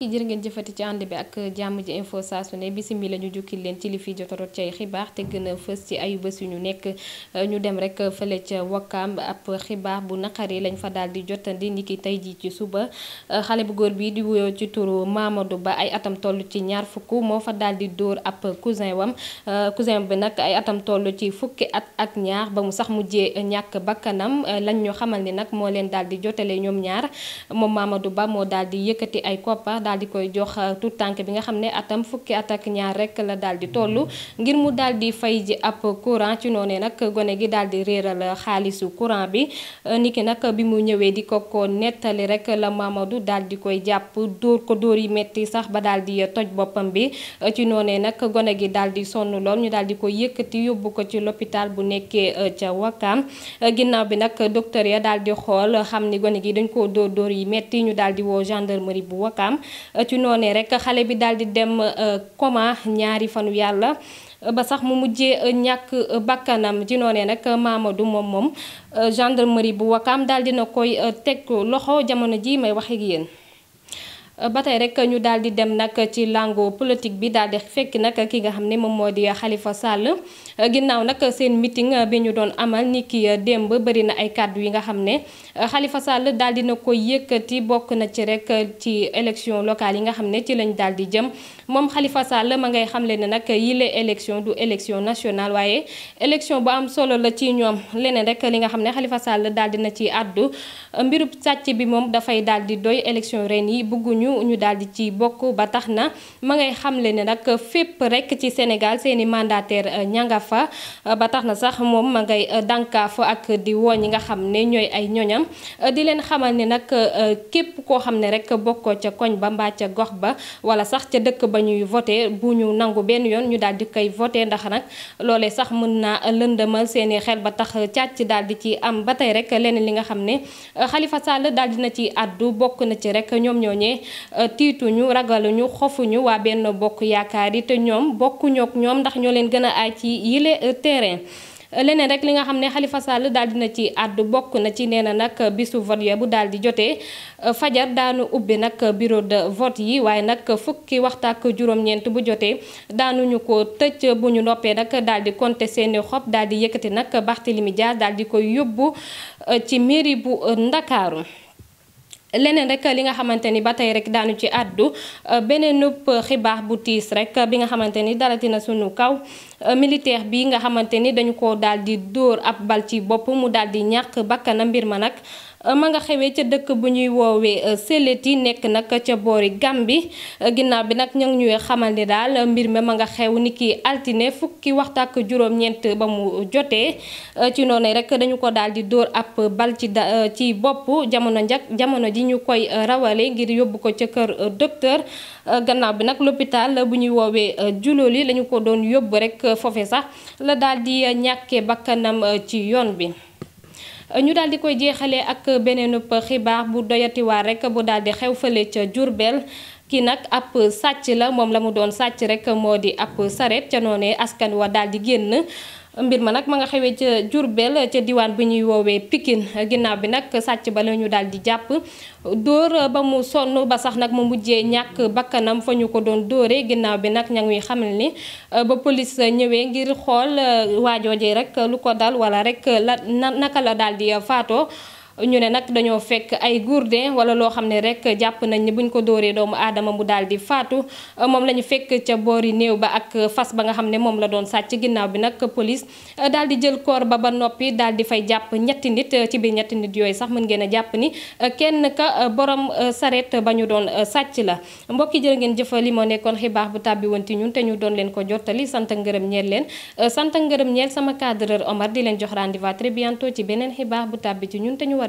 jërë ngeen jëfati ci ànd bi ak jàmm ji info saa su ne bisimi la ñu jukkil leen ci li fi jotorot cay xibaar te gën a fës ci ayu bés yu ñu nekk ñu dem rek fële ca wakkaam ab xibaar bu naqari lañ fa daal di jotandi niki tey jii ci suba xale bu góor bii di wuyoo ci turu Mamadou Ba ay atam toll ci ñaar fukk moo fa daal di dóor ab cousin wam cousin bi nag ay atam toll ci fukki at ak ñaax ba mu sax mujjee ñàkk bakkanam lañ ñu xamal ni nag moo leen daal di jotale ñoom ñaar moom Mamadou Ba moo di yëkkati ay koppar daal di koy jox tout tànk bi nga xam ne atam fukki at ñaar rek la daal di toll ngir mu daal di fay ji ab courant ci noonee nag gone gi daal di réeral xaalisu courant bi niki nag bi mu ñëwee di ko ko nettali rek la Mamadou daal di koy jàpp dóor ko dóor yi metti sax ba daal di toj boppam bi ci noonee nag gone gi daal di sonn lool ñu daal di ko yëkkati yóbbu ko ci l'hôpital bu nekkee ca Wakam ginnaaw bi nag docteur ya daal di xool xam ni gone gi dañ ko dóor dóor yi metti ñu daal di woo gendarmerie bu Wakam ci noonee rek xale bi daal di dem euh, coma ñaari fanu yàlla euh, ba sax mu mujje euh, ñàkk bakkanam ci noonee nag Mamadou moom moom gendarmerie bu Wakaam daal na koy teg loxo jamono ji may wax ak ba tey rek ñu daal di dem nag ci lango politique bi daal di fekk nag ki nga xam ne moom moo di xalifa Sall ginnaaw nag seen meeting bi ñu doon amal ni ki démb bëri na ay kàddu yi nga xam ne xalifa Sall daal di na ko yëkkati bokk na ci rek ci élection locale yi nga xam ne ci lañ daal di jëm moom Khalifa Sall ma ngay xamle ne nag yile élection du élection nationale waaye élection bu am solo la ci ñoom leneen rek li nga xam ne Khalifa Sall daal di na ci àddu mbirub sàcc bi moom dafay daal di doy élection ren yi bëgguñu ñooñu ñu daal di ci bokk ba tax na ma ngay xamle ne nag fépp rekk ci Sénégal seeni mandataire euh, ñanga fa euh, ba tax na sax moom ma ngay euh, dànkaaf ak di woo ñi nga xam ne ñooy ay ñoñam di leen xamal ne nag képp koo xam ne rek bokkoo ca koñ ba mbaa ca gox ba wala sax ca dëkk ba ñuy voté bu ñu nangu benn yoon ñu daal di koy voté ndax nag loole sax mën naa lëndëmal seeni xel ba tax càcc daal di ci am ba tey rek leneen li nga xam ne Khalifa Sall daal dina ci àddu bokk na Euh, tiituñu ragaluñu xofuñu waa benn bokk yaakaar yi te ñoom bokkuñook ñoom ndax ñoo leen gën a ci yile euh, terrain. Euh, leneen rek li nga xam ne xalifa Sall daal na ci àddu bokk na ci nee na nag bisu vote ya bu daal di jotee fajar daanu ubbi nag bureau de vote yi waaye nag fukki waxtu ak juróom-ñeent bu jotee daanuñu ko tëcc bu ñu noppee nag daal di compter seeni xob daal yëkkati nag Barthélémy Dias daal di koy yóbbu ci mairie bu Ndakaaru leneen rek li nga xamante ni ba tey rek daanu ci àddu euh, beneen nëpp xibaax bu tiis rek bi nga xamante ni dalatina sunu kaw Euh, militaire bi nga xamante ni dañu ko daal di dóor ab bal ci bopp mu daal di ñàkk bakkanam mbir ma nag euh, ma nga xewee ca dëkk bu ñuy woowee euh, Séléti nekk nag ca boori Gàmbi ginnaaw bi nag ña ngi xamal ni daal mbir mi ma nga xew ni altine fukki waxtu ak ba mu jotee ci noonu rek dañu ko daal di dóor ab bal da ci bopp jamono njak jamono ji ñu koy rawale ngir yóbbu ko ca kër docteur gannaaw bi nag l'hôpital bu ñuy woowee Juloli lañu ko doon yóbbu rek foofe sax la daldi di ñàkkee bakkanam euh, ci yoon bi ñu daldi di koy jeexalee ak beneen xibaar bu doyati waar rek bu daal xew fale ca Jurbel kii nag ab sàcc la moom la mu doon sàcc rek moo di ab saret ca noonee askan wa daal di génn mbir ma nag ma nga xewee ca Diourbel ca diwaan bi ñuy woowee pikin ginnaaw bi nag sàcc ba la ñu daal di jàpp dóor ba mu sonn ba sax nag mu mujjee ñàkk bakkanam fa ñu ko doon dóoree ginnaaw bi nag ña ngi xamal ni uh, ba police ñëwee ngir xool uh, waajoojee rek lu ko dal wala rek la naka la daal di uh, faatoo ñu ne nag dañoo fekk ay gourdin wala loo xam ne rek jàpp nañ ne buñ ko dooree doomu aadama mu daal di faatu moom la ñu fekk ca boori néew ba ak fas ba nga xam ne moom la doon sàcc ginnaaw bi nag police daal di jël koor ba ba noppi daal di fay jàpp ñetti nit ci biir ñetti nit yooyu sax mën ngeen a jàpp ni kenn ka borom saret ba ñu doon sàcc la mbokki jërë ngeen jëfa li moo nekkoon xibaar bu tàbbi woon ci ñun te ñu doon leen ko jottali sant ngërëm ñeel leen sant ngërëm ñeel sama cadreur Omar di leen jox rendez-vous très